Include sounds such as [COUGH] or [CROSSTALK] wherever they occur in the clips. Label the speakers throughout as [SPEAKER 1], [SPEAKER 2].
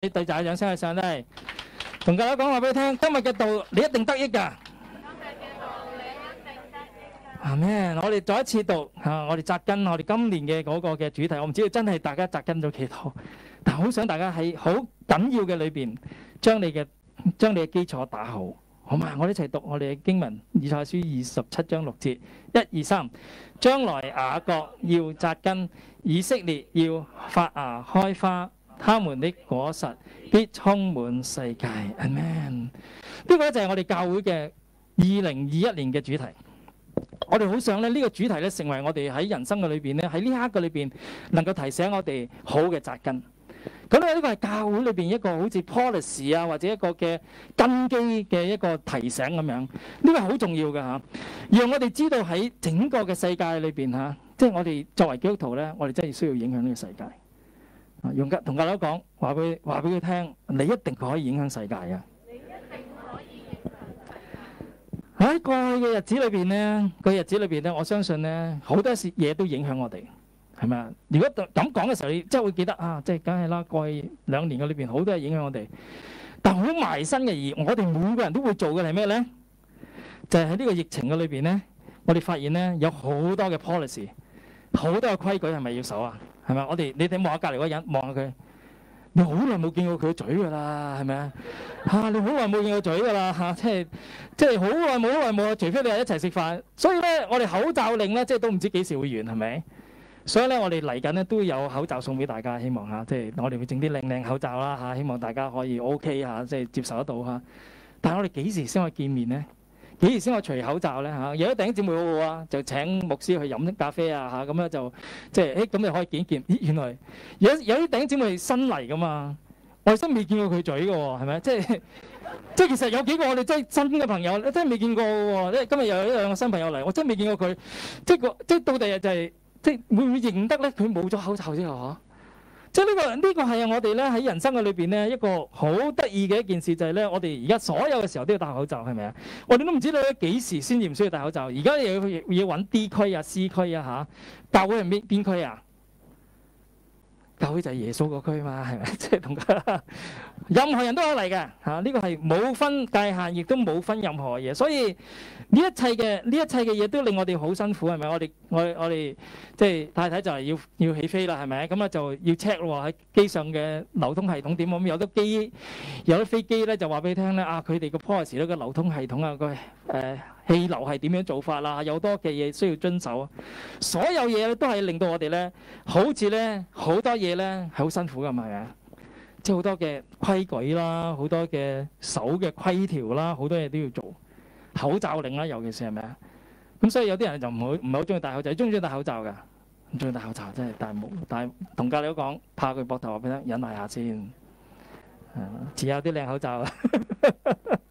[SPEAKER 1] 啲弟兄，掌聲去上帝，同大家講話俾你聽。今日嘅道，你一定得益噶。阿們。我哋再一次讀啊！我哋扎根，我哋今年嘅嗰個嘅主題，我唔知道真係大家扎根咗幾多，但係好想大家喺好緊要嘅裏邊，將你嘅將你嘅基礎打好，好嘛？我哋一齊讀我哋嘅經文，以賽書二十七章六節，一二三，將來雅各要扎根，以色列要發芽開花。他們的果實必充滿世界。阿門。呢個就係我哋教會嘅二零二一年嘅主題。我哋好想咧，呢個主題咧，成為我哋喺人生嘅裏邊咧，喺呢一刻嘅裏邊能夠提醒我哋好嘅扎根。咁咧，呢個係教會裏邊一個好似 policy 啊，或者一個嘅根基嘅一個提醒咁樣。呢個係好重要嘅吓，讓我哋知道喺整個嘅世界裏邊吓，即係我哋作為基督徒咧，我哋真係需要影響呢個世界。用同隔佬講話，俾話俾佢聽，你一定可以影響世界嘅。喺、哎、過去嘅日子裏邊咧，個日子裏邊咧，我相信咧，好多事嘢都影響我哋，係咪啊？如果咁講嘅時候，你即係會記得啊，即係梗係啦，過去兩年嘅裏邊好多嘢影響我哋。但好埋身嘅而，我哋每個人都會做嘅係咩咧？就係喺呢個疫情嘅裏邊咧，我哋發現咧有好多嘅 policy。好多嘅規矩係咪要守 [LAUGHS] 啊？係咪？我哋，你哋望下隔離嗰人，望下佢，你好耐冇見過佢個嘴㗎啦，係咪啊？嚇，你好耐冇見過嘴㗎啦，嚇、啊！即係即係好耐冇，好耐冇，除非你係一齊食飯。所以咧，我哋口罩令咧，即係都唔知幾時會完，係咪？所以咧，我哋嚟緊咧都有口罩送俾大家，希望嚇，即係我哋會整啲靚靚口罩啦嚇、啊，希望大家可以 O K 嚇，即係接受得到哈、啊。但係我哋幾時先可以見面咧？幾時先我除口罩咧嚇？有啲弟兄姊妹好好啊，就請牧師去飲咖啡啊嚇，咁樣就即係誒咁你可以見一見，咦原來有有啲弟兄姊妹新嚟噶嘛，我真未見過佢嘴嘅喎，係咪？即係即係其實有幾個我哋真係新嘅朋友，真係未見過喎，即係今日又有一兩個新朋友嚟，我真未見過佢，即係個即係到第日就係、是、即係會唔會認得咧？佢冇咗口罩先後嚇。即係呢個呢個係我哋咧喺人生嘅裏邊，咧一個好得意嘅一件事，就係咧我哋而家所有嘅時候都要戴口罩，係咪啊？我哋都唔知道咧幾時先至唔需要戴口罩。而家又要要揾 D 區啊 C 區啊嚇，教會係邊邊區啊？教就係耶穌個區嘛，係咪？即係同任何人都可嚟嘅嚇，呢、啊這個係冇分界限，亦都冇分任何嘢。所以呢一切嘅呢一切嘅嘢都令我哋好辛苦，係咪？我哋我我哋即係太太就係要要起飛啦，係咪？咁啊就要 check 喎，喺機上嘅流通系統點？咁、嗯、有得機有啲飛機咧就話俾你聽咧啊，佢哋個 policy 咧個流通系統啊個誒。呃氣流係點樣做法啦？有多嘅嘢需要遵守啊！所有嘢都係令到我哋咧，好似咧好多嘢咧係好辛苦㗎，係咪啊？即係好多嘅規矩啦，好多嘅手嘅規條啦，好多嘢都要做。口罩令啦、啊，尤其是係咪？啊？咁所以有啲人就唔好唔係好中意戴口罩，中唔中意戴口罩㗎？中意戴口罩真係戴冇戴。同隔離都講，拍佢膊頭啊，俾得忍耐下先。只有啲靚口罩。 [LAUGHS]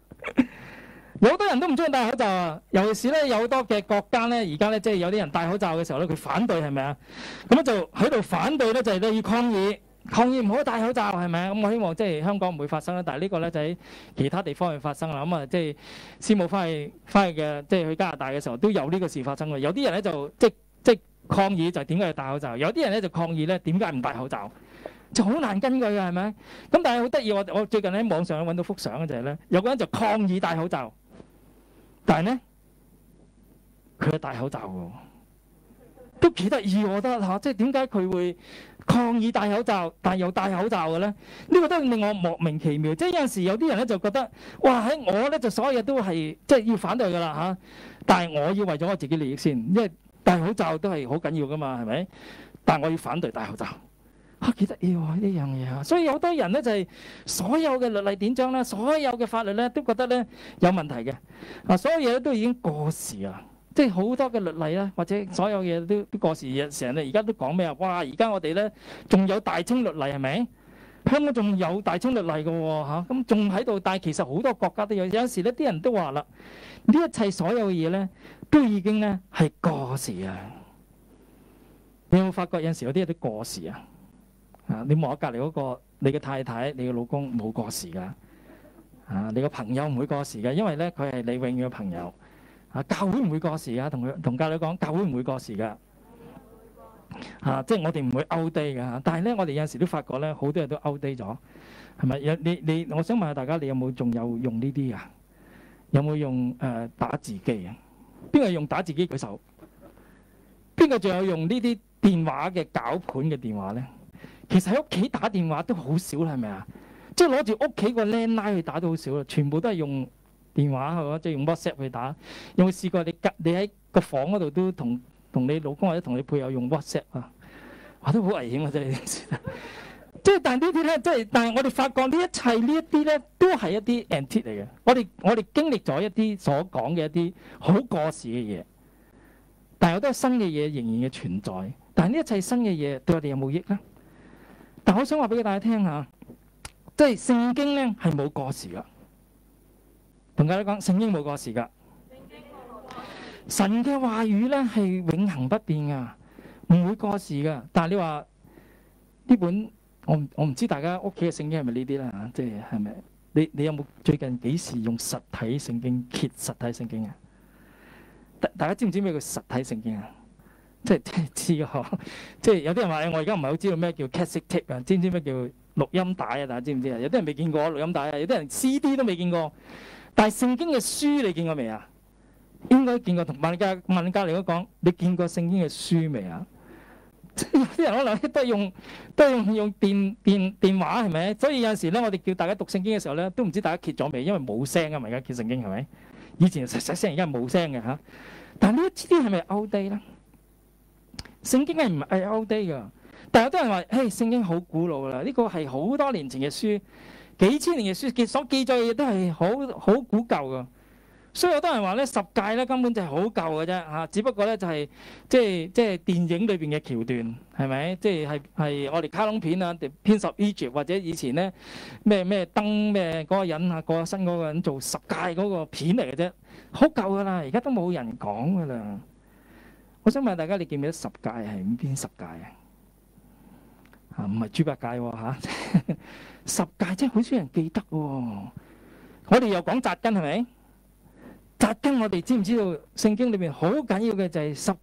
[SPEAKER 1] 好多人都唔中意戴口罩啊，尤其是咧有好多嘅國家咧，而家咧即係有啲人戴口罩嘅時候咧，佢反對係咪啊？咁咧就喺度反對咧，就係、是、你要抗議，抗議唔好戴口罩係咪啊？咁我希望即係、就是、香港唔會發生啦，但係呢個咧就喺、是、其他地方去發生啦。咁、嗯、啊，即係師母翻去翻去嘅，即、就、係、是、去加拿大嘅時候都有呢個事發生㗎。有啲人咧就即即抗議就點解要戴口罩？有啲人咧就抗議咧點解唔戴口罩？就好難根據嘅係咪？咁但係好得意，我我最近喺網上揾到幅相嘅就係、是、咧，有個人就抗議戴口罩。但係咧，佢係戴口罩喎，都幾得意我覺得嚇，即係點解佢會抗議戴口罩，但又戴口罩嘅咧？呢個都令我莫名其妙。即係有陣時有啲人咧就覺得，哇！喺我咧就所有嘢都係即係要反對噶啦嚇，但係我要為咗我自己利益先，因為戴口罩都係好緊要噶嘛，係咪？但係我要反對戴口罩。嚇幾得意呢樣嘢啊，所以好多人咧就係所有嘅律例典章咧，所有嘅法律咧都覺得咧有問題嘅啊，所有嘢都已經過時啊，即係好多嘅律例咧，或者所有嘢都都過時成日咧，而家都講咩啊？哇！而家我哋咧仲有大清律例係咪？香港仲有大清律例嘅喎。咁仲喺度，但係其實好多國家都有。有陣時咧，啲人都話啦，呢一切所有嘅嘢咧都已經咧係過時啊！你有冇發覺有陣時有啲嘢都過時啊？啊！你望下隔離嗰個，你嘅太太、你嘅老公冇過時㗎。啊！你個朋友唔會過時㗎，因為咧佢係你永遠嘅朋友。啊！教會唔會過時㗎？同佢同教女講，教會唔會過時㗎？啊！即係我哋唔會 outdate 㗎。但係咧，我哋有陣時都發覺咧，好多人都 outdate 咗係咪？有你你，我想問下大家，你有冇仲有用呢啲啊？有冇用誒打字機啊？邊個用打字機舉手？邊個仲有用呢啲電話嘅攪盤嘅電話咧？其實喺屋企打電話都好少啦，係咪啊？即係攞住屋企個 land line 去打都好少啦，全部都係用電話係嘛，即係、就是、用 WhatsApp 去打。有冇試過你隔你喺個房嗰度都同同你老公或者同你配偶用 WhatsApp 啊？哇、啊，都好危險啊！真係，即 [LAUGHS] 係、就是、但呢啲咧，即、就、係、是、但係我哋發覺呢一切呢一啲咧，都係一啲 antique 嚟嘅。我哋我哋經歷咗一啲所講嘅一啲好過時嘅嘢，但係我都有新嘅嘢仍然嘅存在。但係呢一切新嘅嘢對我哋有冇益咧？就好想話俾大家聽下，即係聖經咧係冇過時噶同大家講，聖經冇過時噶聖經沒有過時的神嘅話語咧係永恆不變噶唔會過時噶但係你話呢本我我唔知大家屋企嘅聖經係咪呢啲啦？吓，即係係咪？你你有冇最近幾時用實體聖經揭實體聖經啊？大大家知唔知咩叫實體聖經啊？即係知呵，即係有啲人話，哎，我而家唔係好知道咩叫 cassette tape 啊？知唔知咩叫錄音帶啊？大家知唔知啊？有啲人未見過錄音帶啊，有啲人 CD 都未見過，但係聖經嘅書你見過未啊？應該見過。同萬家萬家嚟講，你見過聖經嘅書未啊？有啲人可能都係用都係用用電電電話，係咪？所以有陣時咧，我哋叫大家讀聖經嘅時候咧，都唔知大家揭咗未，因為冇聲啊！而家揭聖經係咪以前實實聲，而家冇聲嘅嚇。但係呢一啲係咪 old d 聖經係唔係 Old Day 噶？但係有啲人話：，誒聖經好古老啦，呢個係好多年前嘅書幾千年嘅書記所記載嘅嘢都係好好古舊噶。所以好多人話咧，十誡咧根本就係好舊嘅啫嚇，只不過咧就係即係即係電影裏邊嘅橋段，係咪？即係係係我哋卡通片啊，編十 Egypt 或者以前咧咩咩登咩嗰個人啊，過、那個、身嗰個人做十誡嗰個片嚟嘅啫，好舊噶啦，而家都冇人講噶啦。我想問大家，你記唔記得十戒係邊十戒啊？吓、啊，唔係豬八戒喎吓，十戒真係好少人記得喎、啊。我哋又講紮根係咪？紮根我哋知唔知道？聖經裏面好緊要嘅就係十戒，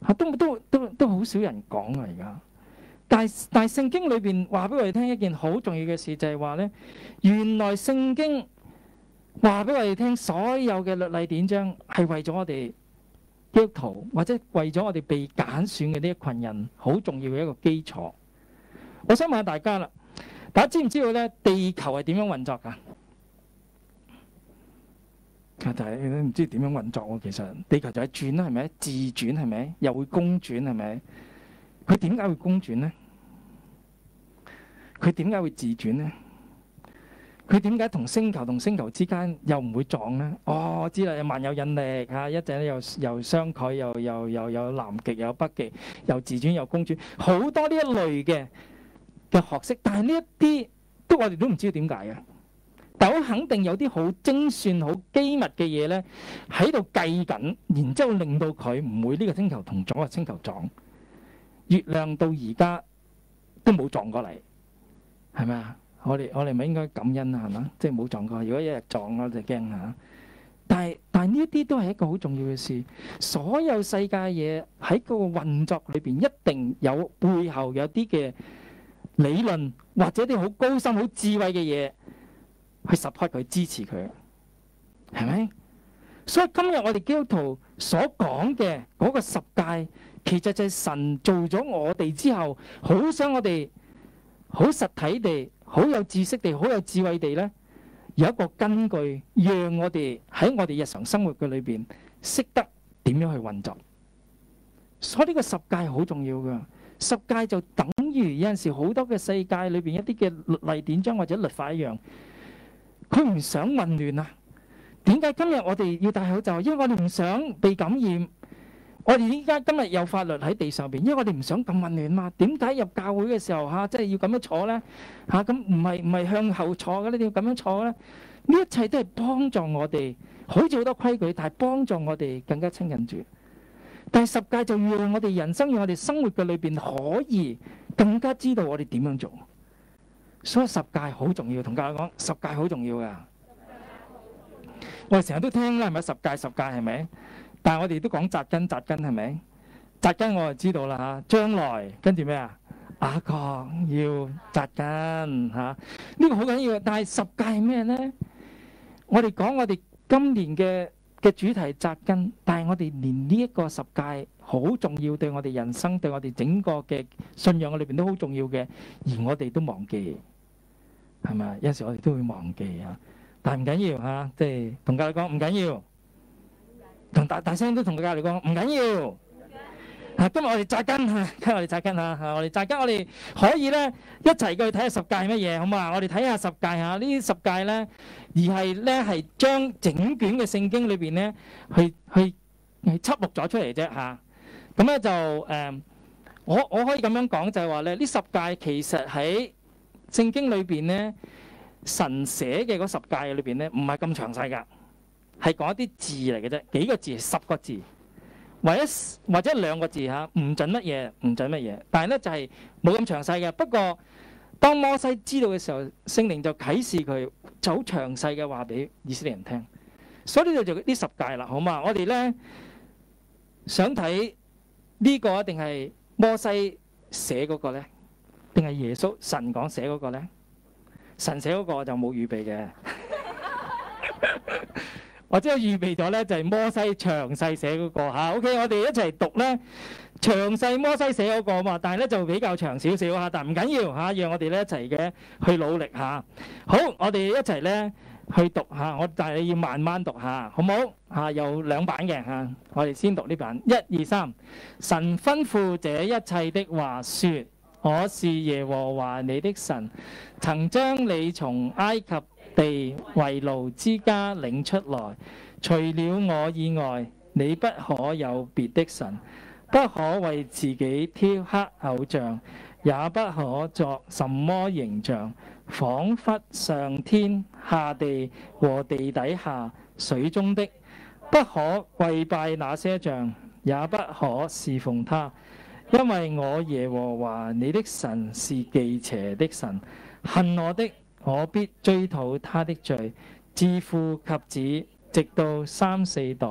[SPEAKER 1] 吓、啊、都都都都好少人講啊！而家，但係但係聖經裏邊話俾我哋聽一件好重要嘅事，就係話呢，原來聖經話俾我哋聽，所有嘅律例典章係為咗我哋。基督徒或者為咗我哋被揀選嘅呢一群人好重要嘅一個基礎，我想問下大家啦，大家知唔知道咧，地球係點樣運作噶？都唔知點樣運作喎，其實地球就係轉啦，係咪？自轉係咪？又會公轉係咪？佢點解會公轉呢？佢點解會自轉呢？佢點解同星球同星球之間又唔會撞呢？哦，我知啦，有萬有引力嚇，一陣又又相距，又又又有南極又有北極，又自轉又公轉，好多呢一類嘅嘅學識。但係呢一啲都我哋都唔知點解嘅。但我肯定有啲好精算、好機密嘅嘢呢，喺度計緊，然之後令到佢唔會呢個星球同左個星球撞。月亮到而家都冇撞過嚟，係咪啊？我哋我哋咪應該感恩啊，係嘛？即係冇撞過。如果一日撞，我就驚嚇。但係但係呢啲都係一個好重要嘅事。所有世界嘅嘢喺嗰個運作裏邊，一定有背後有啲嘅理論或者啲好高深、好智慧嘅嘢去 support 佢，支持佢，係咪？所以今日我哋基督徒所講嘅嗰個十戒，其實就係神做咗我哋之後，好想我哋好實體地。好有知識地、好有智慧地咧，有一個根據，讓我哋喺我哋日常生活嘅裏邊，識得點樣去運作。所以呢個十誡係好重要嘅，十誡就等於有陣時好多嘅世界裏邊一啲嘅例典章或者律法一樣，佢唔想混亂啊。點解今日我哋要戴口罩？因為我哋唔想被感染。我哋依家今日有法律喺地上邊，因為我哋唔想咁混亂嘛。點解入教會嘅時候吓，即、啊、係、就是、要咁樣坐咧？吓，咁唔係唔係向後坐嘅，你哋要咁樣坐咧？呢一切都係幫助我哋，好似好多規矩，但係幫助我哋更加親近主。但係十誡就要我哋人生、要我哋生活嘅裏邊可以更加知道我哋點樣做。所以十誡好重要，同教友講十誡好重要噶。我哋成日都聽啦，係咪十誡？十誡係咪？但係我哋都講扎根，扎根係咪？扎根我就知道啦嚇。將來跟住咩啊？阿幹要扎根嚇，呢個好緊要。但係十誡係咩呢？我哋講我哋今年嘅嘅主題扎根，但係我哋連呢一個十誡好重要，對我哋人生，對我哋整個嘅信仰嘅裏邊都好重要嘅，而我哋都忘記，係咪？有時我哋都會忘記嚇。但係唔緊要嚇，即係同教友講唔緊要。同大大聲都同佢隔離講，唔緊要。嚇，今日我哋扎根嚇，今日我哋扎根嚇，我哋扎根，我哋可以咧一齊過去睇下十誡係乜嘢好唔好？我哋睇下十誡嚇，呢十誡咧而係咧係將整卷嘅聖經裏邊咧去去係輯錄咗出嚟啫嚇。咁咧就誒，我我可以咁樣講就係話咧，呢十誡其實喺聖經裏邊咧神寫嘅嗰十誡裏邊咧，唔係咁詳細㗎。係講一啲字嚟嘅啫，幾個字，十個字，或者或者兩個字吓，啊，唔准乜嘢，唔准乜嘢。但係咧就係冇咁詳細嘅。不過當摩西知道嘅時候，聖靈就啟示佢，就好詳細嘅話俾以色列人聽。所以呢度就呢十誡啦，好嘛？我哋咧想睇呢個一定係摩西寫嗰個咧，定係耶穌神講寫嗰個咧？神寫嗰個就冇預備嘅。 [LAUGHS] 我即係預備咗咧，就係摩西詳細寫嗰個嚇。OK，我哋一齊讀咧，詳細摩西寫嗰個嘛，但係咧就比較長少少嚇，但係唔緊要嚇，讓我哋咧一齊嘅去努力嚇。好，我哋一齊咧去讀嚇，我但係你要慢慢讀嚇，好冇嚇？有兩版嘅嚇，我哋先讀呢版，一二三。神吩咐這一切的話說：我是耶和華你的神，曾將你從埃及地為奴之家領出來。除了我以外，你不可有別的神，不可為自己雕刻偶像，也不可作什麼形象，仿佛上天下地和地底下水中的。不可跪拜那些像，也不可侍奉他，因為我耶和華你的神是忌邪的神，恨我的，我必追討他的罪，自父及子，直到三四代；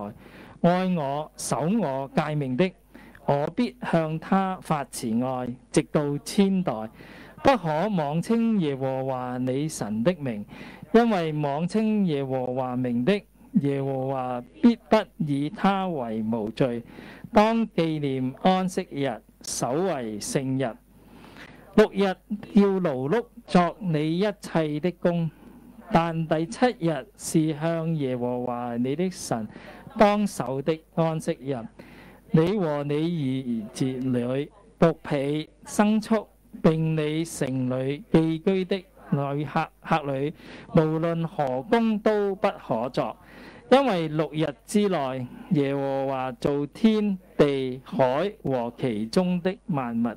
[SPEAKER 1] 愛我、守我誡命的，我必向他發慈愛，直到千代。不可妄稱耶和華你神的名，因為妄稱耶和華名的，耶和華必不以他為無罪。當記念安息日，守為聖日。六日要勞碌作你一切的工，但第七日是向耶和華你的神當守的安息日。你和你兒子女、僕婢、牲畜，並你城裏寄居的旅客客旅，無論何工都不可作，因為六日之內耶和華造天地海和其中的萬物。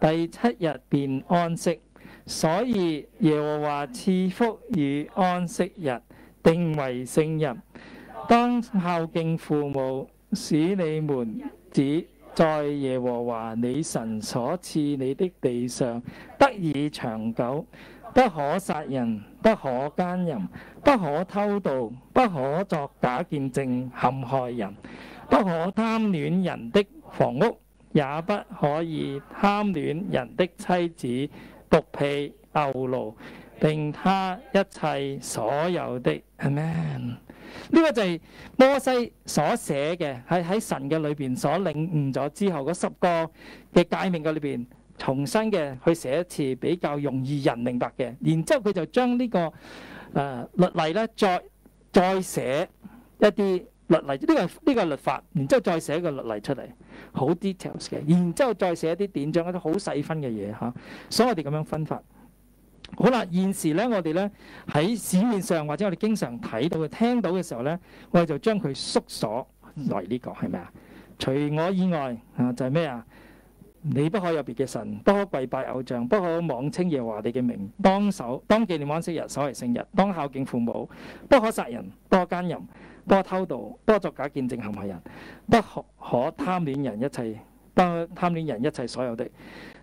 [SPEAKER 1] 第七日便安息，所以耶和華賜福與安息日，定為聖日。當孝敬父母，使你們只在耶和華你神所賜你的地上得以長久。不可殺人，不可奸淫，不可偷盜，不可作假見證陷害人，不可貪戀人的房屋。也不可以貪戀人的妻子、僕婢、牛驢，並他一切所有的。Amen 呢、這個就係摩西所寫嘅，喺喺神嘅裏邊所領悟咗之後，嗰十個嘅誡命嘅裏邊重新嘅去寫一次比較容易人明白嘅。然之後佢就將呢、這個誒、呃、律例咧，再再寫一啲。律例呢、這個呢、這個是律法，然之後再寫個律例出嚟，好 details 嘅。然之後再寫啲典章一啲好細分嘅嘢嚇。所以我哋咁樣分法好啦。現時咧，我哋咧喺市面上或者我哋經常睇到嘅、聽到嘅時候咧，我哋就將佢縮鎖嚟呢、這個係咩？啊？除我以外啊，就係咩啊？你不可有別嘅神，不可跪拜偶像，不可妄稱耶和華你嘅名。當守當紀念安息日，守為聖日。當孝敬父母，不可殺人，不可奸淫。不可偷盜，不可作假見證陷害人，不可貪戀人一切，不貪戀人一切所有的。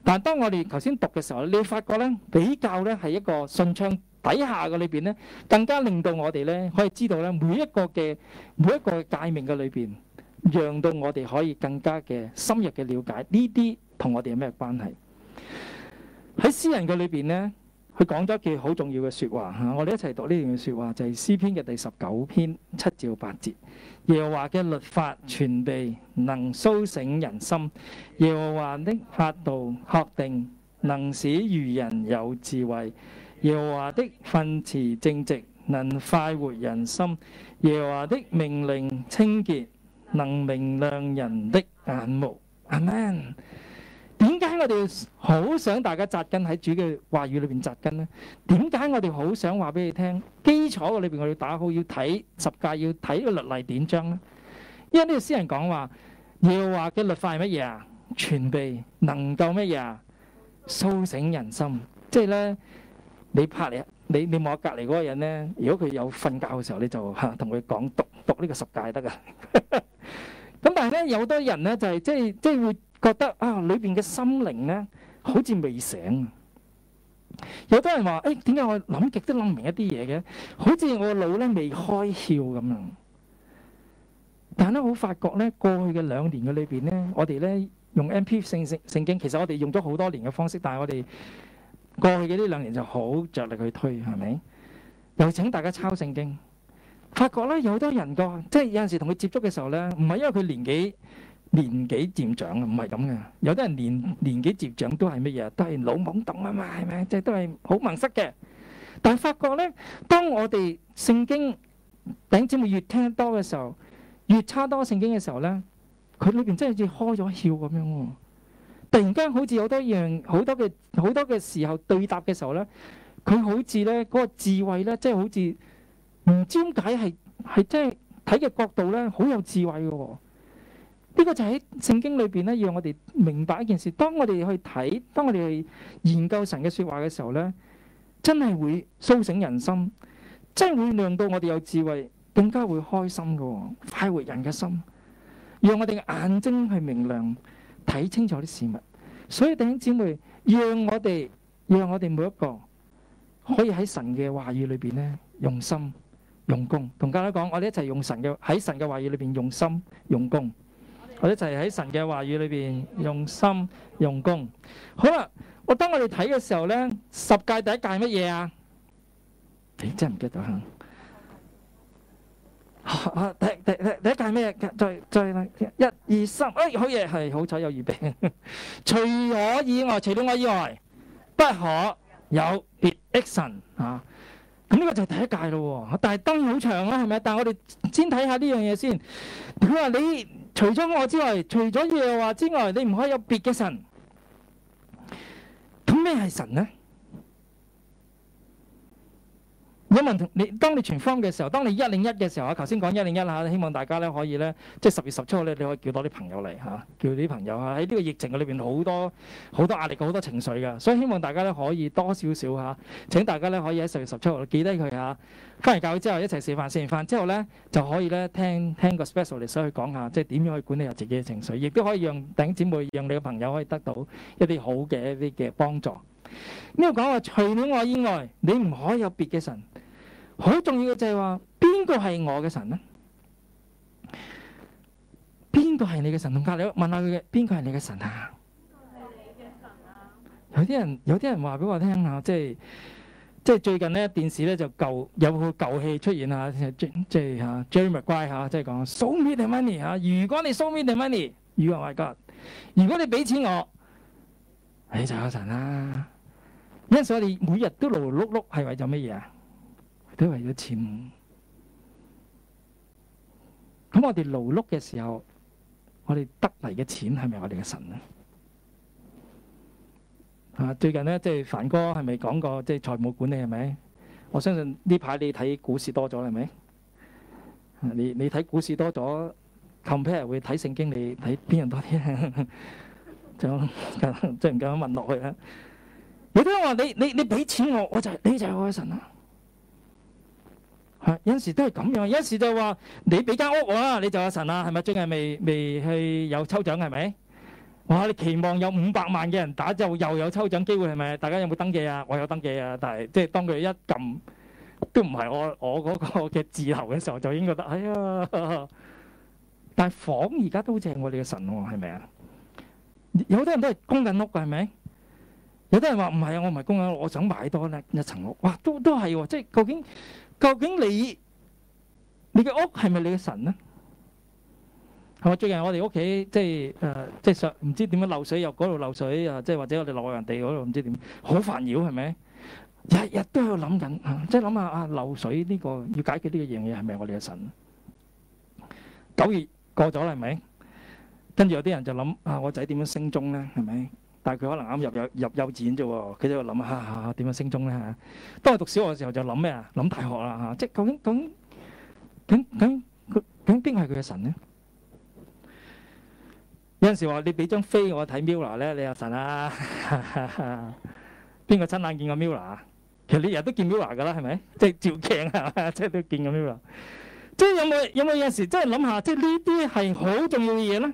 [SPEAKER 1] 但當我哋頭先讀嘅時候，你會發覺咧，比較咧係一個信仰底下嘅裏邊咧，更加令到我哋咧可以知道咧每一個嘅每一個誡命嘅裏邊，讓到我哋可以更加嘅深入嘅瞭解呢啲同我哋有咩關係？喺私人嘅裏邊咧。佢講咗一句好重要嘅説話嚇，我哋一齊讀呢段説話，就係、是、詩篇嘅第十九篇七至八節。耶和華嘅律法全備，能甦醒人心；耶和華的法度確定，能使愚人有智慧；耶和華的訓詞正直，能快活人心；耶和華的命令清潔，能明亮人的眼目。阿門。點解我哋好想大家紮根喺主嘅話語裏邊紮根咧？點解我哋好想話俾你聽？基礎嘅裏邊我要打好，要睇十誡，要睇個律例典章咧。因為呢個詩人講話，要話嘅律法係乜嘢啊？全備能夠乜嘢啊？甦醒人心，即係咧，你拍你，你你望隔籬嗰個人咧，如果佢有瞓覺嘅時候，你就同佢講讀讀呢個十誡得噶。咁 [LAUGHS] 但係咧，有好多人咧就係即係即係會。覺得啊，裏邊嘅心靈咧，好似未醒。有啲人話，誒點解我諗極都諗唔明一啲嘢嘅？好似我個腦咧未開竅咁樣。但係咧，我發覺咧，過去嘅兩年嘅裏邊咧，我哋咧用 M P 聖聖聖經，其實我哋用咗好多年嘅方式，但係我哋過去嘅呢兩年就好着力去推，係咪？又請大家抄聖經，發覺咧有好多人個，即係有陣時同佢接觸嘅時候咧，唔係因為佢年紀。年紀漸長啊，唔係咁嘅。有啲人年年紀漸長都係乜嘢？都係老懵懂啊嘛，係咪？即係都係好盲塞嘅。但係發覺咧，當我哋聖經頂姊妹越聽多嘅時候，越差多聖經嘅時候咧，佢裏邊真係好似開咗竅咁樣喎。突然間好似好多樣，好多嘅好多嘅時候對答嘅時候咧，佢好似咧嗰個智慧咧，即係好似唔知點解係係真係睇嘅角度咧，好有智慧嘅，哦。呢、這個就喺聖經裏邊咧，讓我哋明白一件事。當我哋去睇，當我哋研究神嘅說話嘅時候咧，真係會蘇醒人心，真係會令到我哋有智慧，更加會開心嘅，快活人嘅心，讓我哋嘅眼睛去明亮，睇清楚啲事物。所以弟兄姊妹，讓我哋，讓我哋每一個可以喺神嘅話語裏邊咧，用心用功。同教家講，我哋一齊用神嘅喺神嘅話語裏邊用心用功。我哋一齊喺神嘅話語裏邊用心用功。好啦，我當我哋睇嘅時候咧，十誡第一誡乜嘢啊？你真唔記得啦。第第第第一誡咩嘅？再再一、二、三，哎，好嘢，係好彩有預備。除我以外，除咗我以外，不可有別的神啊。咁呢個就係第一誡咯。但係燈好長啦，係咪？但係我哋先睇下呢樣嘢先。佢話你。除咗我之外，除咗耶和華之外，你唔可以有別嘅神。咁咩係神咧？如你，你，當你填 form 嘅時候，當你一零一嘅時候，我頭先講一零一啦，希望大家咧可以咧，即係十月十七號咧，你可以叫多啲朋友嚟嚇、啊，叫啲朋友嚇喺呢個疫情嘅裏邊，好多好多壓力，好多情緒嘅，所以希望大家咧可以多少少嚇，請大家咧可以喺十月十七號記低佢嚇，翻完教會之後一齊食飯，食完飯之後咧就可以咧聽聽個 specialist 去講下，即係點樣去管理下自己嘅情緒，亦都可以讓弟兄姊妹、讓你嘅朋友可以得到一啲好嘅一啲嘅幫助。呢個講話，除了我以外，你唔可以有別嘅神。好重要嘅就係、是、話，邊個係我嘅神咧？邊個係你嘅神同隔籬屋？隔問問是你問下佢嘅邊個係你嘅神啊？有啲人有啲人話俾我聽下，即係即係最近咧電視咧就舊有部舊戲出現啊，即即係吓 Jerry Maguire 吓，即係講 show me the money 吓、啊，如果你 show me the money，you are my god！如果你俾錢我，你就係我神啦、啊。因此我哋每日都勞碌碌係為咗乜嘢啊？都為咗錢，咁我哋勞碌嘅時候，我哋得嚟嘅錢係咪我哋嘅神咧？啊，最近咧即係凡哥係咪講過即係財務管理係咪？我相信呢排你睇股市多咗係咪？你你睇股市多咗，compare 會睇聖經，你睇邊樣多啲咧？就即係唔敢問落去啦。你都話你你你俾錢我，我就你就係我嘅神啦。啊、有時都係咁樣，有時就話你俾間屋我、啊、啦，你就阿神啊，係咪？最近未未去有抽獎係咪？哇！你期望有五百萬嘅人打就又有抽獎機會係咪？大家有冇登記啊？我有登記啊，但係即係當佢一撳都唔係我我嗰個嘅字頭嘅時候，就已經覺得哎呀！哈哈，但係房而家都好正喎，你嘅神喎係咪啊？有好多人都係供緊屋㗎係咪？有啲人話唔係啊，我唔係供緊屋，我想買多一層屋。哇！都都係喎、啊，即係究竟，究竟你你嘅屋係咪你嘅神咧？係嘛？最近我哋屋企即係誒，即係想唔知點樣漏水又嗰度漏水啊，即係或者我哋落人地嗰度唔知點，好煩擾係咪？日日都要諗緊，即係諗下啊，漏水呢個要解決呢個樣嘢，係咪我哋嘅神？九月過咗啦，係咪？跟住有啲人就諗啊，我仔點樣升中咧，係咪？但係佢可能啱入入入幼稚園啫喎，佢就諗吓點樣升中咧吓。當佢讀小學嘅時候就諗咩啊？諗大學啦吓，即係究竟咁咁咁咁邊個係佢嘅神咧？有陣時話你俾張飛我睇 MIRROR 咧，你阿神啊？邊個親眼見過 MIRROR？其實你日日都見 MIRROR 噶啦，係咪？即係照鏡啊，即係都見過 MIRROR。即係有冇有冇有時真係諗下，即係呢啲係好重要嘅嘢咧？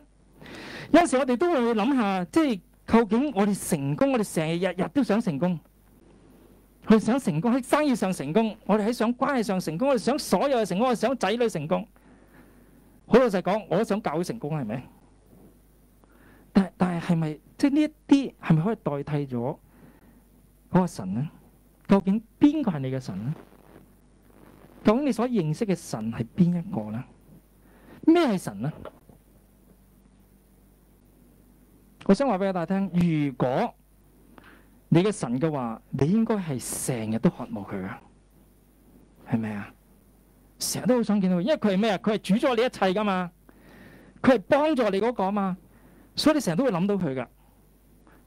[SPEAKER 1] 有陣時我哋都會諗下，即係。究竟我哋成功，我哋成日日日都想成功，佢想成功喺生意上成功，我哋喺想關係上成功，我哋想所有嘅成功，我哋想仔女成功。好老實講，我都想教會成功，係咪？但但係係咪？即係呢一啲係咪可以代替咗嗰個神呢？究竟邊個係你嘅神呢？究竟你所認識嘅神係邊一個呢？咩係神呢？我想話俾大家聽，如果你嘅神嘅話，你應該係成日都渴望佢嘅，係咪啊？成日都好想見到佢，因為佢係咩啊？佢係主宰你一切噶嘛，佢係幫助你嗰個啊嘛，所以你成日都會諗到佢噶。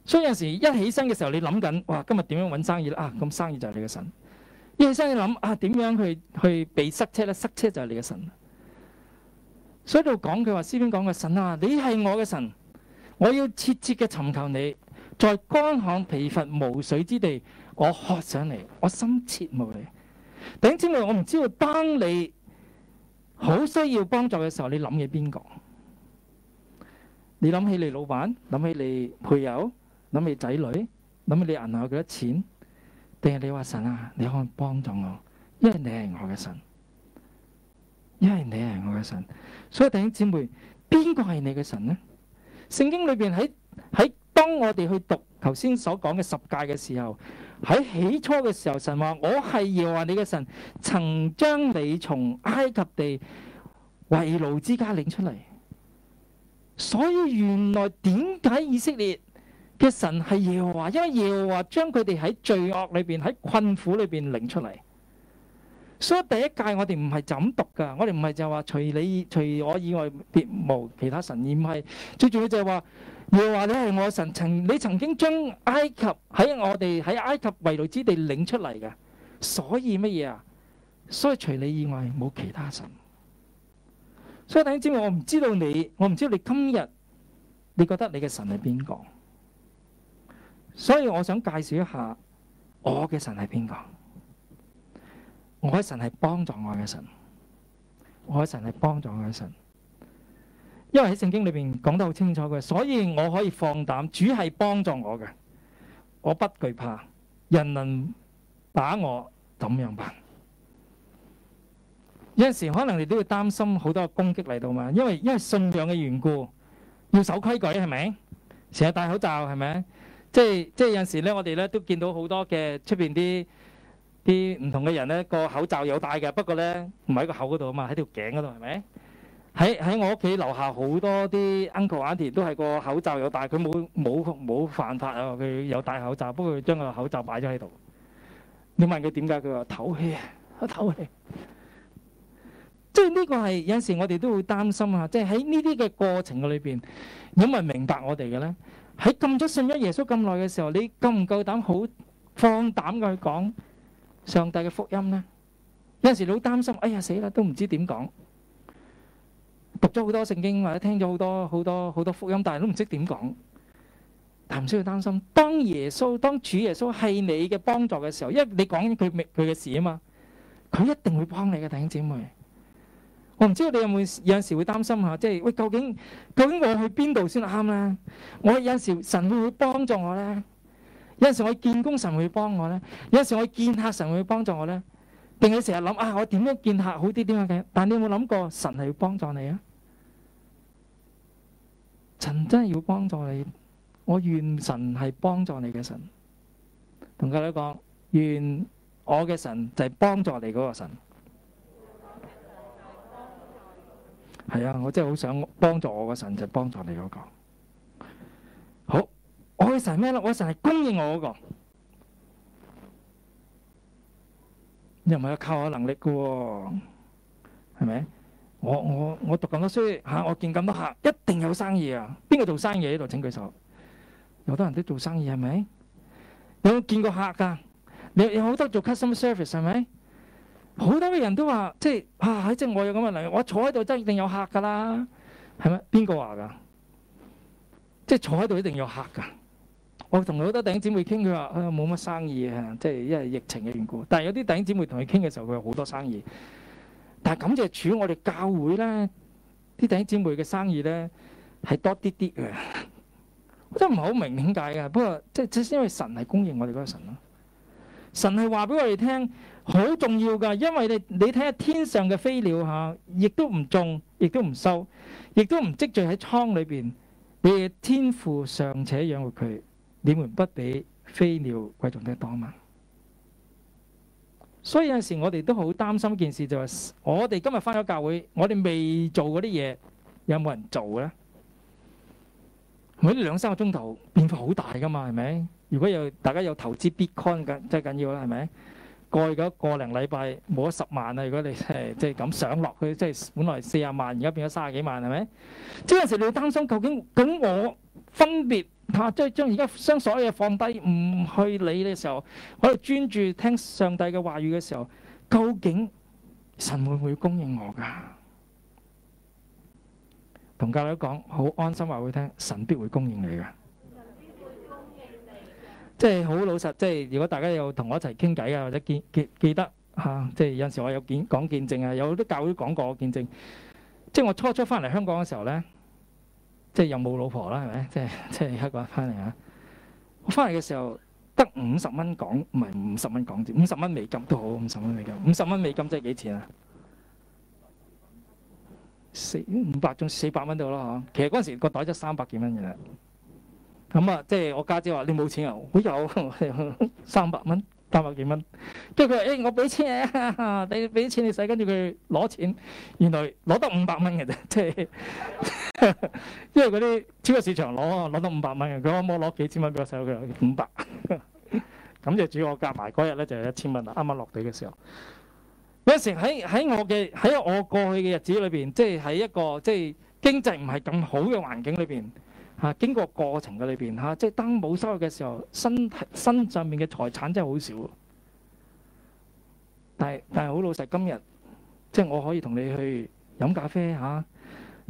[SPEAKER 1] 所以有陣時一起身嘅時候，你諗緊，哇，今日點樣搵生意啦？啊，咁生意就係你嘅神。一起身你諗，啊，點樣去去被塞車咧？塞車就係你嘅神。所以喺度講佢話，詩篇講嘅神啊，你係我嘅神。我要切切嘅尋求你，在乾旱疲乏無水之地，我渴想你，我心切慕你。弟兄姊妹，我唔知道當你好需要幫助嘅時候，你諗起邊個？你諗起你老闆，諗起你配偶，諗起仔女，諗起你銀行有幾多錢？定係你話神啊，你可唔可以幫助我？因為你係我嘅神，因為你係我嘅神。所以弟兄姊妹，邊個係你嘅神呢？聖經裏邊喺喺當我哋去讀頭先所講嘅十誡嘅時候，喺起初嘅時候，神話我係耶和華你嘅神，曾將你從埃及地為奴之家領出嚟。所以原來點解以色列嘅神係耶和華，因為耶和華將佢哋喺罪惡裏邊喺困苦裏邊領出嚟。所以第一誡我哋唔係噉讀噶，我哋唔係就話除你除我以外別無其他神，而唔係最重要就係話，又話你係我神曾你曾經將埃及喺我哋喺埃及為奴之地領出嚟嘅，所以乜嘢啊？所以除你以外冇其他神。所以等一知我唔知道你，我唔知道你今日你覺得你嘅神係邊個？所以我想介紹一下我嘅神係邊個。我嘅神係幫助我嘅神，我嘅神係幫助我嘅神，因為喺聖經裏邊講得好清楚嘅，所以我可以放膽，主係幫助我嘅，我不懼怕。人能打我，怎樣辦？有陣時可能你都要擔心好多攻擊嚟到嘛，因為因為信仰嘅緣故，要守規矩係咪？成日戴口罩係咪？即係即係有陣時咧，我哋咧都見到好多嘅出邊啲，啲唔同嘅人咧，個口罩有戴嘅，不過咧唔喺個口嗰度啊嘛，喺條頸嗰度係咪？喺喺我屋企樓下好多啲 uncle auntie 都係個口罩有戴，佢冇冇冇犯法啊？佢有戴口罩，不過佢將個口罩擺咗喺度。你問佢點解？佢話透氣啊，佢透氣。即係呢個係有陣時我哋都會擔心啊，即係喺呢啲嘅過程嘅裏邊，有冇人明白我哋嘅咧？喺咁咗信咗耶穌咁耐嘅時候，你夠唔夠膽好放膽嘅去講？上帝嘅福音咧，有陣時你好擔心，哎呀死啦，都唔知點講。讀咗好多聖經或者聽咗好多好多好多福音，但係都唔識點講。但唔需要擔心，當耶穌當主耶穌係你嘅幫助嘅時候，因為你講緊佢佢嘅事啊嘛，佢一定會幫你嘅。弟兄姊妹。我唔知道你有冇有陣時會擔心下，即係喂，究竟究竟我去邊度先啱咧？我有陣時神會唔會幫助我咧？有陣時我見工神會幫我咧，有陣時我見客神會幫助我咧，定係成日諗啊，我點樣見客好啲，點樣嘅？但你有冇諗過神係要幫助你啊？神真係要幫助你，我願神係幫助你嘅神。同佢哋講，願我嘅神就係幫助你嗰個神。係啊，我真係好想幫助我個神就係幫助你嗰、那個。好。我成咩咯？我成日供應我嗰個，又唔係要靠我能力嘅喎，係咪？我我我讀咁多書吓，我見咁多客，一定有生意啊！邊個做生意喺度？請舉手。好多人都做生意係咪？有冇見過客噶？你有好多做 customer service 係咪？好多人都話即係吓，即係啊，我有咁嘅能力，我坐喺度真係一定有客噶啦，係咪？邊個話噶？即係坐喺度一定有客噶？我同好多弟兄姊妹傾，佢話：啊、哎，冇乜生意啊，即係因為疫情嘅緣故。但係有啲弟兄姊妹同佢傾嘅時候，佢有好多生意。但係感謝主，我哋教會咧，啲弟兄姊妹嘅生意咧係多啲啲嘅，我真係唔係好明點解嘅。不過即係只係因為神係供應我哋嗰個神咯，神係話俾我哋聽好重要㗎，因為你你睇下天上嘅飛鳥嚇，亦都唔種，亦都唔收，亦都唔積聚喺倉裏邊，你的天父尚且養活佢。你們不比飛鳥貴重得多嘛？所以有陣時我哋都好擔心一件事，就係我哋今日翻咗教會，我哋未做嗰啲嘢，有冇人做咧？每兩三個鐘頭變化好大噶嘛，係咪？如果有大家有投資 Bitcoin 緊，真係緊要啦，係咪？過去嗰個零禮拜冇咗十萬啦，如果你係即係咁上落，佢即係本來四十萬，而家變咗三十幾萬，係咪？即係有陣時你會擔心，究竟咁我分別？啊！即係將而家將所有嘢放低，唔去理嘅時候，我哋專注聽上帝嘅話語嘅時候，究竟神會唔會供應我㗎？同教友講好安心話會聽，神必會供應你嘅。即係好老實，即係如果大家有同我一齊傾偈啊，或者記記記得嚇，即係有時我有見講見證啊，有啲教會講過我見證。即係我初初翻嚟香港嘅時候咧。即係又冇老婆啦，係咪？即係即係一個人翻嚟啊！我翻嚟嘅時候得五十蚊港，唔係五十蚊港紙，五十蚊美金都好，五十蚊美金。五十蚊美金即係幾錢啊？四五百種四百蚊到咯，嗬！其實嗰陣時個袋就三百幾蚊嘅啦。咁啊，即係我家姐話你冇錢啊，我有三百蚊。三百幾蚊，跟住佢話：我俾錢啊，俾錢你，你俾錢你使。跟住佢攞錢，原來攞得五百蚊嘅啫，即係。因為嗰啲超級市場攞，攞到五百蚊嘅，佢可唔可攞幾千蚊俾我使？佢五百。咁就主我夾埋嗰日咧，就係一千蚊啱啱落地嘅時候。有時喺喺我嘅喺我過去嘅日子裏邊，即係喺一個即係經濟唔係咁好嘅環境裏邊。啊，經過過程嘅裏邊嚇，即係當冇收入嘅時候，身身上面嘅財產真係好少。但係但係好老實，今日即係我可以同你去飲咖啡嚇，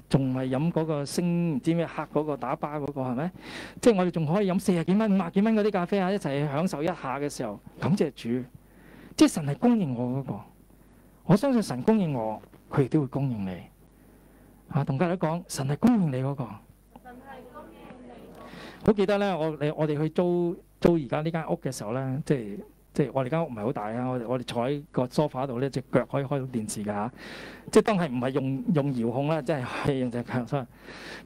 [SPEAKER 1] 仲係飲嗰個星唔知咩黑嗰個打巴嗰、那個係咪？即係我哋仲可以飲四十幾蚊、五十幾蚊嗰啲咖啡啊，一齊去享受一下嘅時候，感謝主，即係神係供應我嗰、那個。我相信神供應我，佢亦都會供應你。嚇、啊，同家姐講，神係供應你嗰、那個。都記得咧，我你我哋去租租而家呢間屋嘅時候咧，即係即係我哋間屋唔係好大啊！我我哋坐喺個 sofa 度咧，隻腳可以開到電視㗎嚇。即係當係唔係用用遙控啦，即係用隻腳收。咁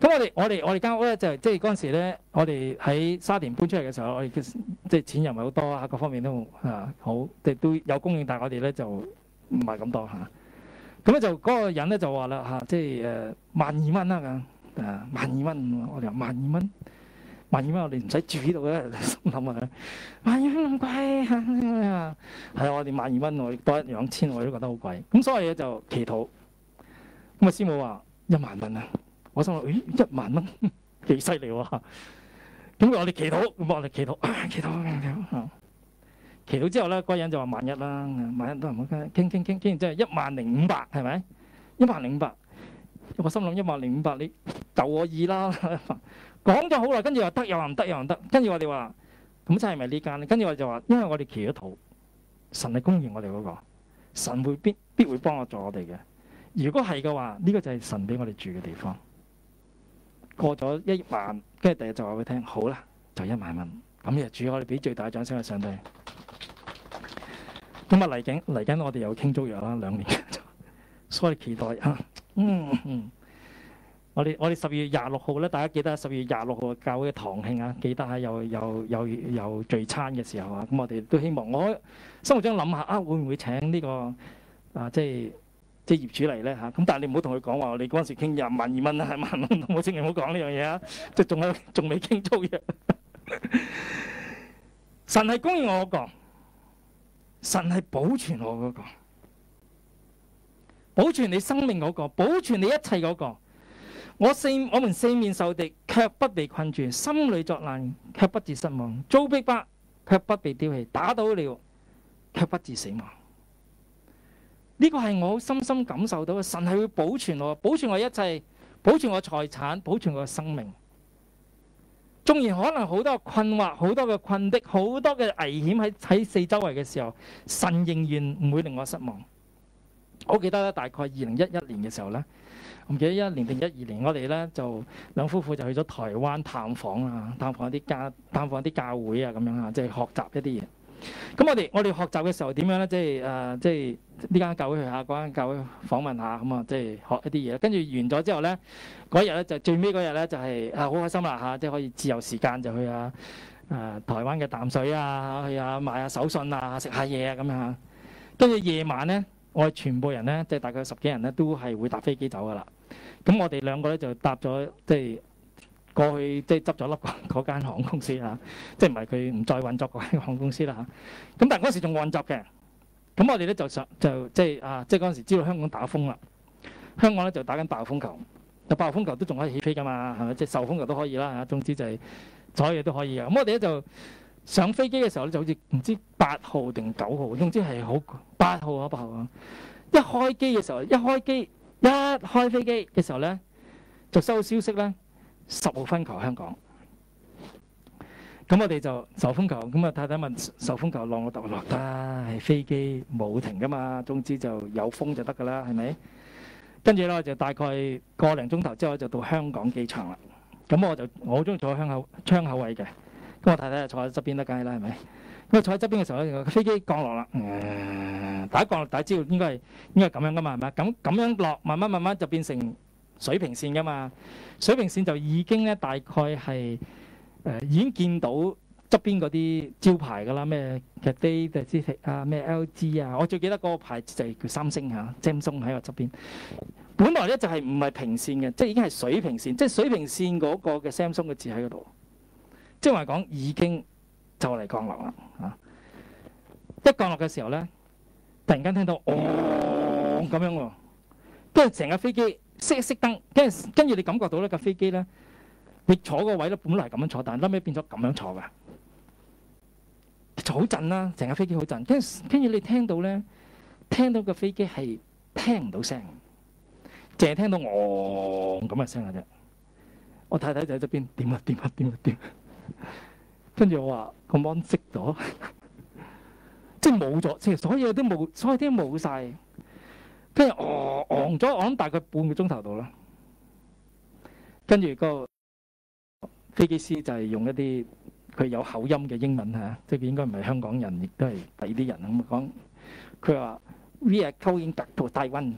[SPEAKER 1] 我哋我哋我哋間屋咧就即係嗰陣時咧，我哋喺沙田搬出嚟嘅時候，我哋即係錢又唔係好多啊，各方面都啊好，亦都有供應，但係我哋咧就唔係咁多嚇。咁、啊、咧就嗰、那個人咧就話啦嚇，即係誒萬二蚊啊！誒萬二蚊，我哋話萬二蚊。萬二蚊我哋唔使住呢度嘅，心諗啊，萬二蚊咁貴啊，係啊，我哋萬二蚊，我哋多一兩千，我都覺得好貴。咁所以嘢就祈禱。咁啊師母話一萬蚊啦，我心諗，咦、哎，一萬蚊幾犀利喎？咁我哋祈禱，我哋祈禱、啊，祈禱，啊、祈禱、啊。祈禱之後咧，嗰人就話萬一啦，萬一都唔好緊，傾傾傾傾即係一萬零五百係咪？一萬零五百，我心諗一萬零五百你夠我意啦。講咗好耐，跟住又得，又話唔得，又唔得。跟住我哋話，咁真係咪呢間咧？跟住我哋就話，因為我哋祈咗禱，神嚟供應我哋嗰、那個，神會必必會幫我做我哋嘅。如果係嘅話，呢、這個就係神俾我哋住嘅地方。過咗一晚，跟住第二日就話佢聽，好啦，就一萬蚊。咁呢日主，我哋俾最大嘅掌聲去上帝。咁啊嚟緊嚟緊，我哋有傾租約啦，兩年嘅就， [LAUGHS] 所以我期待啊，嗯。嗯我哋我哋十月廿六號咧，大家記得十月廿六號教會嘅堂慶啊，記得啊，有又又又聚餐嘅時候啊，咁我哋都希望我心目中諗下啊，會唔會請呢、這個啊，即係即係業主嚟咧嚇？咁、啊、但係你唔好同佢講話，我哋嗰陣時傾廿萬二蚊啦，係嘛？我請唔好講呢樣嘢啊，就仲有，仲未傾租約。神係供應我嗰個，神係保存我嗰個保存你生命嗰、那個保存你一切嗰、那個。我四，我們四面受敵，卻不被困住；心裏作難，卻不致失望；遭逼迫，卻不被丟棄；打倒了，卻不致死亡。呢、這個係我深深感受到，神係會保存我，保存我一切，保存我財產，保存我生命。縱然可能好多困惑，好多嘅困迫，好多嘅危險喺喺四周圍嘅時候，神仍然唔會令我失望。我記得大概二零一一年嘅時候呢，唔記得一年定一二年，我哋咧就兩夫婦就去咗台灣探訪啊，探訪一啲家，探訪一啲教會啊，咁樣啊，即係學習一啲嘢。咁我哋我哋學習嘅時候點樣咧？即係誒，即係呢間教會去下，嗰間教會訪問下，咁啊，即係學一啲嘢。跟住完咗之後咧，嗰日咧就最尾嗰日咧就係啊好開心啊嚇，即係可以自由時間就去啊誒台灣嘅淡水啊，去下買下手信啊，食下嘢啊咁樣。跟住夜晚咧，我哋全部人咧，即係大概十幾人咧，都係會搭飛機走㗎啦。咁我哋兩個咧就搭咗，即係過去，即係執咗笠嗰間航空公司啊，即係唔係佢唔再運作嗰間航空公司啦嚇。咁但係嗰時仲運作嘅。咁我哋咧就上就即係啊，即係嗰陣時知道香港打風啦。香港咧就打緊暴風球，個暴風球都仲可以起飛㗎嘛，係咪？即係受風球都可以啦。總之就係所有嘢都可以嘅。咁我哋咧就上飛機嘅時候咧，就好似唔知八號定九號，總之係好八號啊八號啊！一開機嘅時候，一開機。一開飛機嘅時候呢，就收到消息咧，十號風球香港。咁我哋就受風球咁啊！太太問受風球浪到突落得、哎，飛機冇停噶嘛？總之就有風就得噶啦，係咪？跟住呢，我就大概個零鐘頭之後就到香港機場啦。咁我就我好中意坐喺香口窗口位嘅，咁我太太就坐喺側邊得㗎啦，係咪？我坐喺側邊嘅時候咧，飛機降落啦。誒、嗯，大家降落，大家知道應該係應該係咁樣噶嘛，係咪？咁咁樣落，慢慢慢慢就變成水平線噶嘛。水平線就已經咧，大概係誒、呃、已經見到側邊嗰啲招牌噶啦，咩嘅 d a t 啊，咩 LG 啊，我最記得嗰個牌子就係叫三星嚇，Samsung 喺我側邊。本來咧就係唔係平線嘅，即係已經係水平線，即係水平線嗰個嘅 Samsung 嘅字喺嗰度。即係話講已經。就嚟降落啦！嚇，一降落嘅時候咧，突然間聽到“嗡”咁樣喎，跟住成架飛機熄一熄燈，跟跟住你感覺到咧架飛機咧，你坐個位咧本來係咁樣坐，但係後尾變咗咁樣坐嘅，坐好震啦！成架飛機好震，跟跟住你聽到咧，聽到個飛機係聽唔到聲，淨係聽到“嗡”咁嘅聲嘅啫。我太太就喺度邊？點啊？點啊？點啊？點？跟住我話個 mon 熄咗，即係冇咗，即係所有都冇，所有啲冇曬。跟住、哦嗯、我昂咗昂大概半個鐘頭度啦。跟住個飛機師就係用一啲佢有口音嘅英文嚇、啊，即係佢應該唔係香港人，亦都係第啲人咁講。佢、啊、話 we are going back to Taiwan，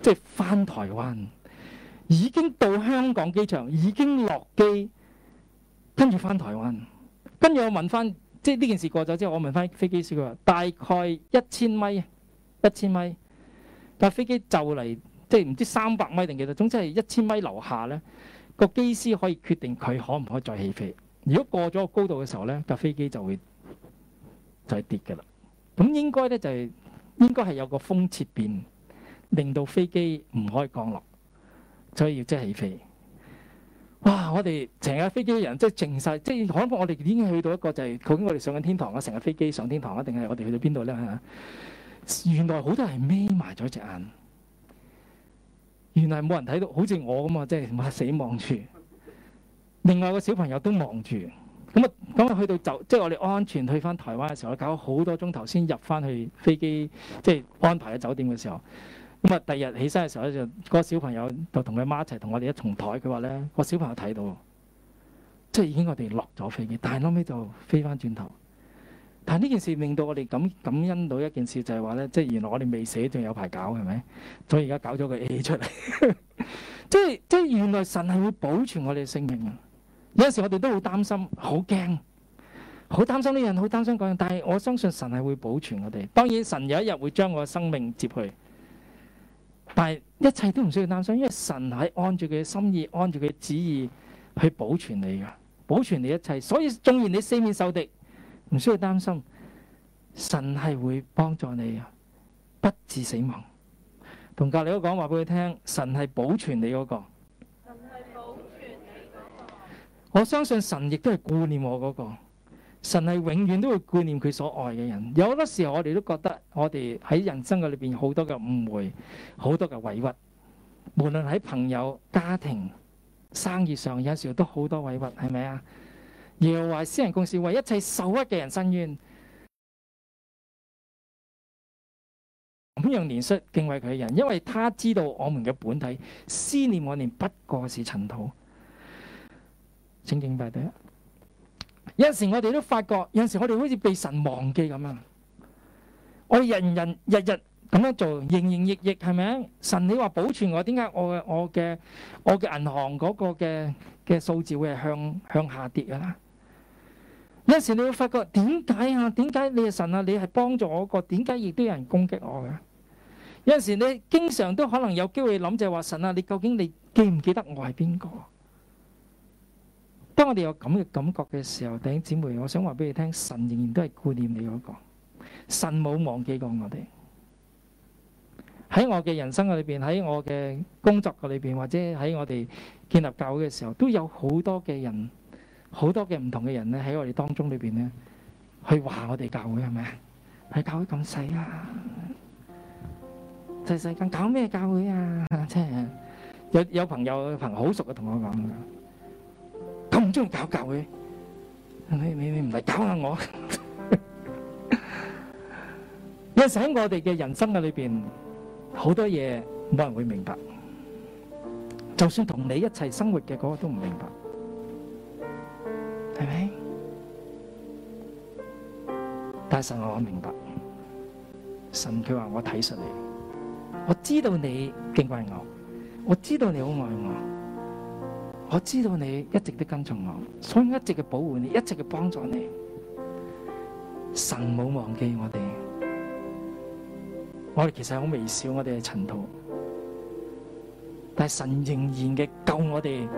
[SPEAKER 1] 即係返台灣，已經到香港機場，已經落機，跟住返台灣。跟住我問翻，即係呢件事過咗之後，我問翻飛機師，佢話大概一千米，一千米。架飛機就嚟，即係唔知三百米定幾多，總之係一千米樓下呢，個機師可以決定佢可唔可以再起飛。如果過咗個高度嘅時候呢，架飛機就會再跌㗎啦。咁應該呢，就係應該係有個風切變，令到飛機唔可以降落，所以要即係起飛。哇！我哋成架飛機嘅人即係靜晒，即係可能我哋已經去到一個就係、是、究竟我哋上緊天堂啊？成架飛機上天堂啊？定係我哋去到邊度咧？原來好多人係眯埋咗隻眼，原來冇人睇到，好似我咁啊！即係死望住。另外一個小朋友都望住。咁啊，咁啊，去到就即係我哋安全去翻台灣嘅時候，我搞咗好多鐘頭先入翻去飛機，即係安排喺酒店嘅時候。咁啊，第日起身嘅時候咧，就個小朋友就同佢媽一齊同我哋一同檯。佢話咧，個小朋友睇到，即係已經我哋落咗飛機，但係後尾就飛翻轉頭。但係呢件事令到我哋感感恩到一件事，就係話咧，即係原來我哋未死，仲有排搞係咪？所以而家搞咗個 A 出嚟， [LAUGHS] 即係即係原來神係會保存我哋嘅性命。有陣時我哋都好擔心，好驚，好擔心呢樣，好擔心嗰樣。但係我相信神係會保存我哋。當然，神有一日會將我嘅生命接去。但係一切都唔需要擔心，因為神係按住佢心意、按住佢旨意去保存你嘅，保存你的一切。所以縱然你四面受敵，唔需要擔心，神係會幫助你的，不致死亡。同隔籬都講話俾佢聽，神係保存你嗰、那個。神係保存你、那個。我相信神亦都係顧念我嗰、那個。神係永遠都會顧念佢所愛嘅人。有好多時候我哋都覺得我哋喺人生嘅裏邊好多嘅誤會，好多嘅委屈，無論喺朋友、家庭、生意上，有時候都好多委屈，係咪啊？耶和華施行公義為一切受屈嘅人伸冤，咁樣憐恤敬畏佢嘅人，因為他知道我們嘅本體思念我哋，不過是塵土。請敬拜第一。有陣時我哋都發覺，有陣時我哋好似被神忘記咁樣啊！我人人日日咁樣做，營營役役係咪？神你話保存我，點解我嘅我嘅我嘅銀行嗰個嘅嘅數字會向向下跌噶啦？有陣時你會發覺點解啊？點解你係神啊？你係幫助我個，點解亦都有人攻擊我㗎？有陣時你經常都可能有機會諗就係話，神啊，你究竟你記唔記得我係邊個？當我哋有咁嘅感覺嘅時候，弟兄姊妹，我想話俾你聽，神仍然都係顧念你嗰個，神冇忘記過我哋。喺我嘅人生嘅裏邊，喺我嘅工作嘅裏邊，或者喺我哋建立教會嘅時候，都有好多嘅人，好多嘅唔同嘅人咧，喺我哋當中裏邊咧，去話我哋教會係咪啊？係教會咁細啊！細細間搞咩教會啊？即係有有朋友朋友好熟嘅同我講。咁唔中意搞舊嘅，你你你唔係搞下我？有陣，喺我哋嘅人生嘅裏邊，好多嘢冇人會明白，就算同你一齊生活嘅嗰個都唔明白，係咪？但係神我明白，神佢話，我睇實你，我知道你敬愛我，我知道你好愛我。我知道你一直都跟從我，所以一直嘅保護你，一直嘅幫助你。神冇忘記我哋，我哋其實係好微小，我哋嘅塵土，但係神仍然嘅救我哋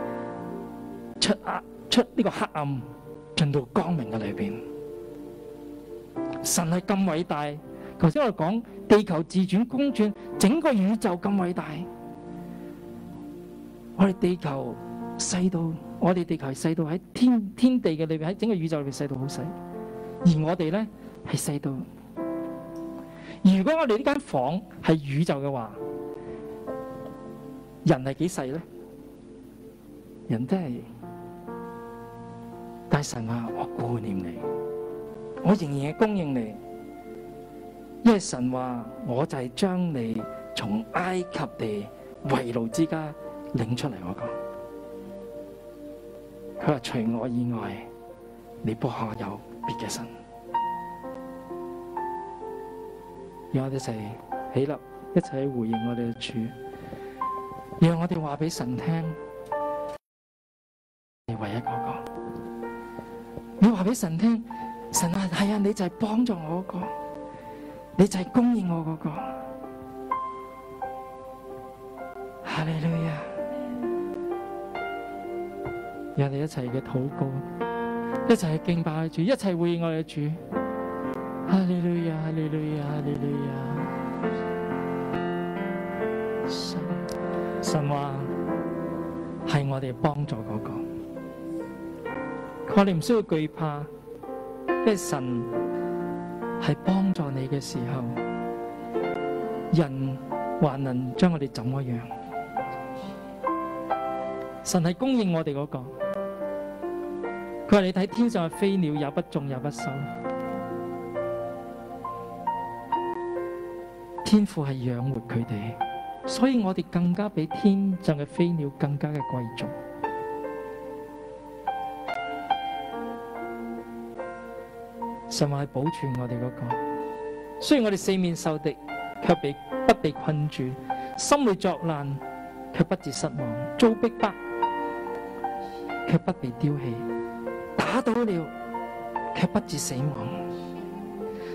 [SPEAKER 1] 出阿、啊、出呢個黑暗，進到光明嘅裏邊。神係咁偉大，頭先我哋講地球自轉公轉，整個宇宙咁偉大，我哋地球。細到我哋地球係細到喺天天地嘅裏邊，喺整個宇宙裏邊細到好細。而我哋咧係細到，如果我哋呢間房係宇宙嘅話，人係幾細咧？人都係。但係神啊，我顧念你，我仍然係供應你，因為神話我就係將你從埃及地為奴之家領出嚟，我講。佢話除我以外，你不可有別嘅神。讓我哋一齊起，起立，一齊回應我哋嘅主，讓我哋話俾神聽，你唯一嗰個、個。你話俾神聽，神啊，係、哎、啊，你就係幫助我嗰個，你就係供應我嗰個。哈利路亞。人哋一齊嘅禱告，一齊去敬拜主，一齊回應我哋主。哈利路亞！哈利路亞！哈利路亞！神神話係我哋幫助嗰、那個，我哋唔需要懼怕，因為神係幫助你嘅時候，人還能將我哋怎麼樣？神係供應我哋嗰、那個。佢話你睇天上嘅飛鳥，也不種也不收，天父係養活佢哋，所以我哋更加比天上嘅飛鳥更加嘅貴重，神話係保存我哋嗰、那個。雖然我哋四面受敵，卻被不被困住；心裏作難，卻不至失望；遭逼迫，卻不被丟棄。打倒了，卻不至死亡。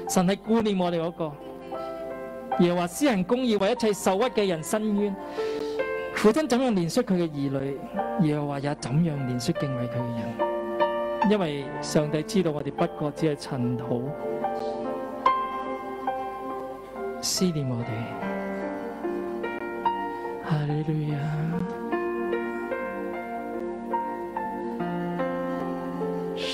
[SPEAKER 1] 神係顧念我哋嗰、那個，耶話施行公義為一切受屈嘅人伸冤。父親怎樣憐恤佢嘅兒女，耶話也怎樣憐恤敬畏佢嘅人。因為上帝知道我哋不過只係塵土，思念我哋。哈利路亞。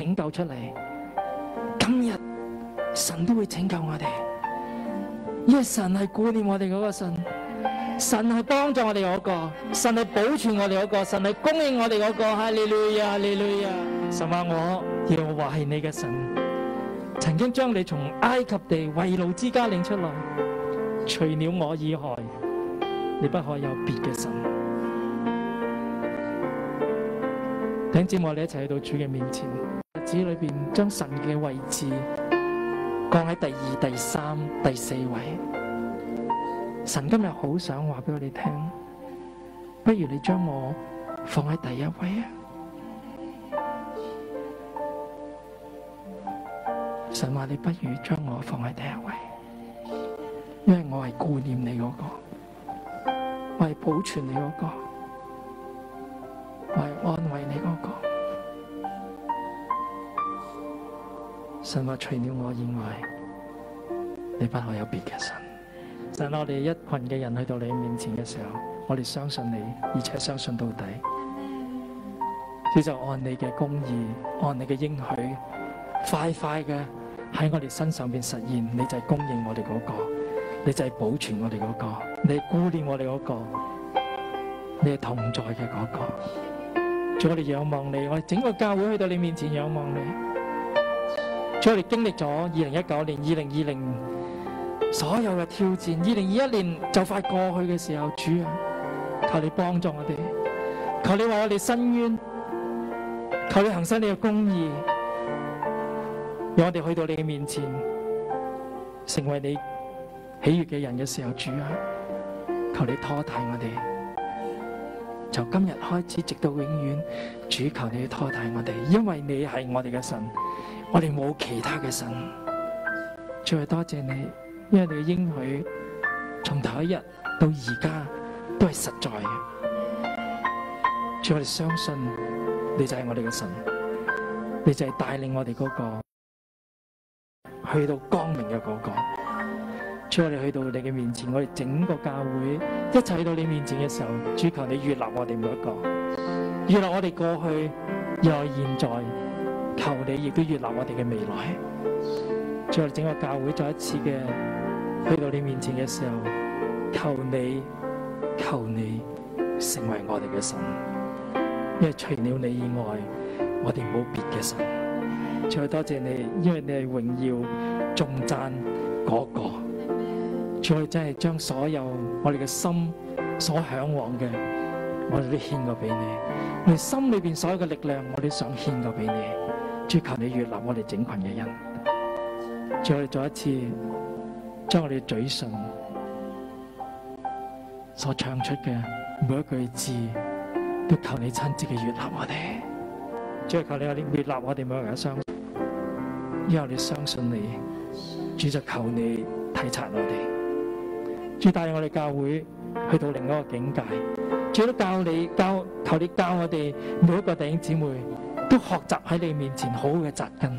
[SPEAKER 1] 拯救出嚟，今日神都會拯救我哋，因為神係顧念我哋嗰個神，神係幫助我哋嗰個，神係保存我哋嗰個，神係供應我哋嗰個。啊，你累呀，你累呀！神話，我要話係你嘅神，曾經將你從埃及地為奴之家領出來，除了我以外，你不可有別嘅神。請接我哋一齊去到主嘅面前。子裏邊將神嘅位置降喺第二、第三、第四位，神今日好想話俾我哋聽，不如你將我放喺第一位啊！神話，你不如將我放喺第一位，因為我係顧念你嗰個，我係保存你嗰個，我係安慰你嗰個。神話，除了我以外，你不可有別嘅神。神，我哋一群嘅人去到你面前嘅時候，我哋相信你，而且相信到底。你就按你嘅公義，按你嘅應許，快快嘅喺我哋身上邊實現。你就係供應我哋嗰、那個，你就係保存我哋嗰、那個，你係顧念我哋嗰、那個，你係同在嘅嗰、那個。我哋仰望你，我哋整個教會去到你面前仰望你。所以我哋經歷咗二零一九年、二零二零所有嘅挑戰，二零二一年就快過去嘅時候，主啊，求你幫助我哋，求你為我哋伸冤，求你行出你嘅公義，讓我哋去到你嘅面前，成為你喜悅嘅人嘅時候，主啊，求你拖大我哋，從今日開始，直到永遠，主，求你拖大我哋，因為你係我哋嘅神。我哋冇其他嘅神，再多謝你，因為你嘅應許，從頭一日到而家都係實在嘅。主，我哋相信，你就係我哋嘅神，你就係帶領我哋嗰個去到光明嘅嗰個。主，我哋去到你嘅面前，我哋整個教會一齊去到你面前嘅時候，主，求你悅納我哋每一個，悅納我哋過去，又係現在。求你亦都悅納我哋嘅未來，再整個教會再一次嘅去到你面前嘅時候，求你求你成為我哋嘅神，因為除了你以外，我哋冇別嘅神。再多謝你，因為你係榮耀重讚嗰個，再真係將所有我哋嘅心所向往嘅，我哋都獻過俾你。我哋心裏邊所有嘅力量，我哋都想獻過俾你。追求你悅納我哋整群嘅人，再嚟做一次，將我哋嘴唇所唱出嘅每一句字，都求你親自嘅悅納我哋，追求你有啲悅納我哋每一個人相，然後你相信你，主就求你體察我哋，主帶領我哋教會去到另一個境界，主都教你教求你教我哋每一個弟兄姊妹，都學習喺你面前好嘅扎根，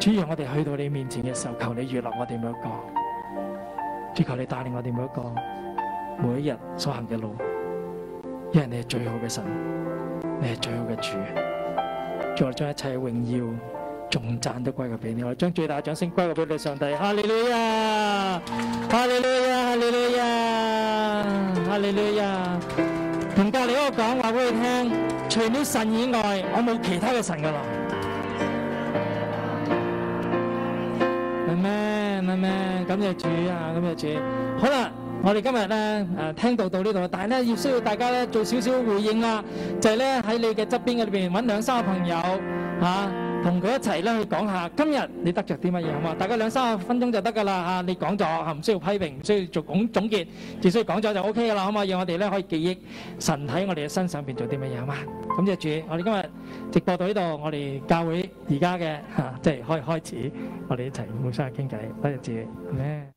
[SPEAKER 1] 主讓我哋去到你面前嘅時候，求你預立我哋每一個，主求你帶領我哋每一個，每一日所行嘅路，因為你係最好嘅神，你係最好嘅主，我將一切榮耀，仲讚都歸佢俾你，我將最大掌聲歸佢俾你，上帝哈利路亞，哈利路亞，哈利路亞，哈利路亞，同教理我講話俾你聽。除了神以外，我冇其他嘅神㗎喇。阿門？阿門？感謝主啊，感謝主。好喇，我哋今日呢，聽聽到到呢度，但係呢，要需要大家呢做少少回應，啊、就係、是、在喺你嘅側邊嗰裏邊搵兩三個朋友、啊同佢一齊咧去講下，今日你得著啲乜嘢好嘛？大概兩三十分鐘就得噶啦嚇，你講咗嚇，唔需要批評，唔需要做總總結，只需要講咗就 OK 噶啦，好嘛？讓我哋咧可以記憶神喺我哋嘅身上邊做啲乜嘢好嘛？咁就住，我哋今日直播到呢度，我哋教會而家嘅嚇，即係開開始，我哋一齊冇嘥傾偈，多謝。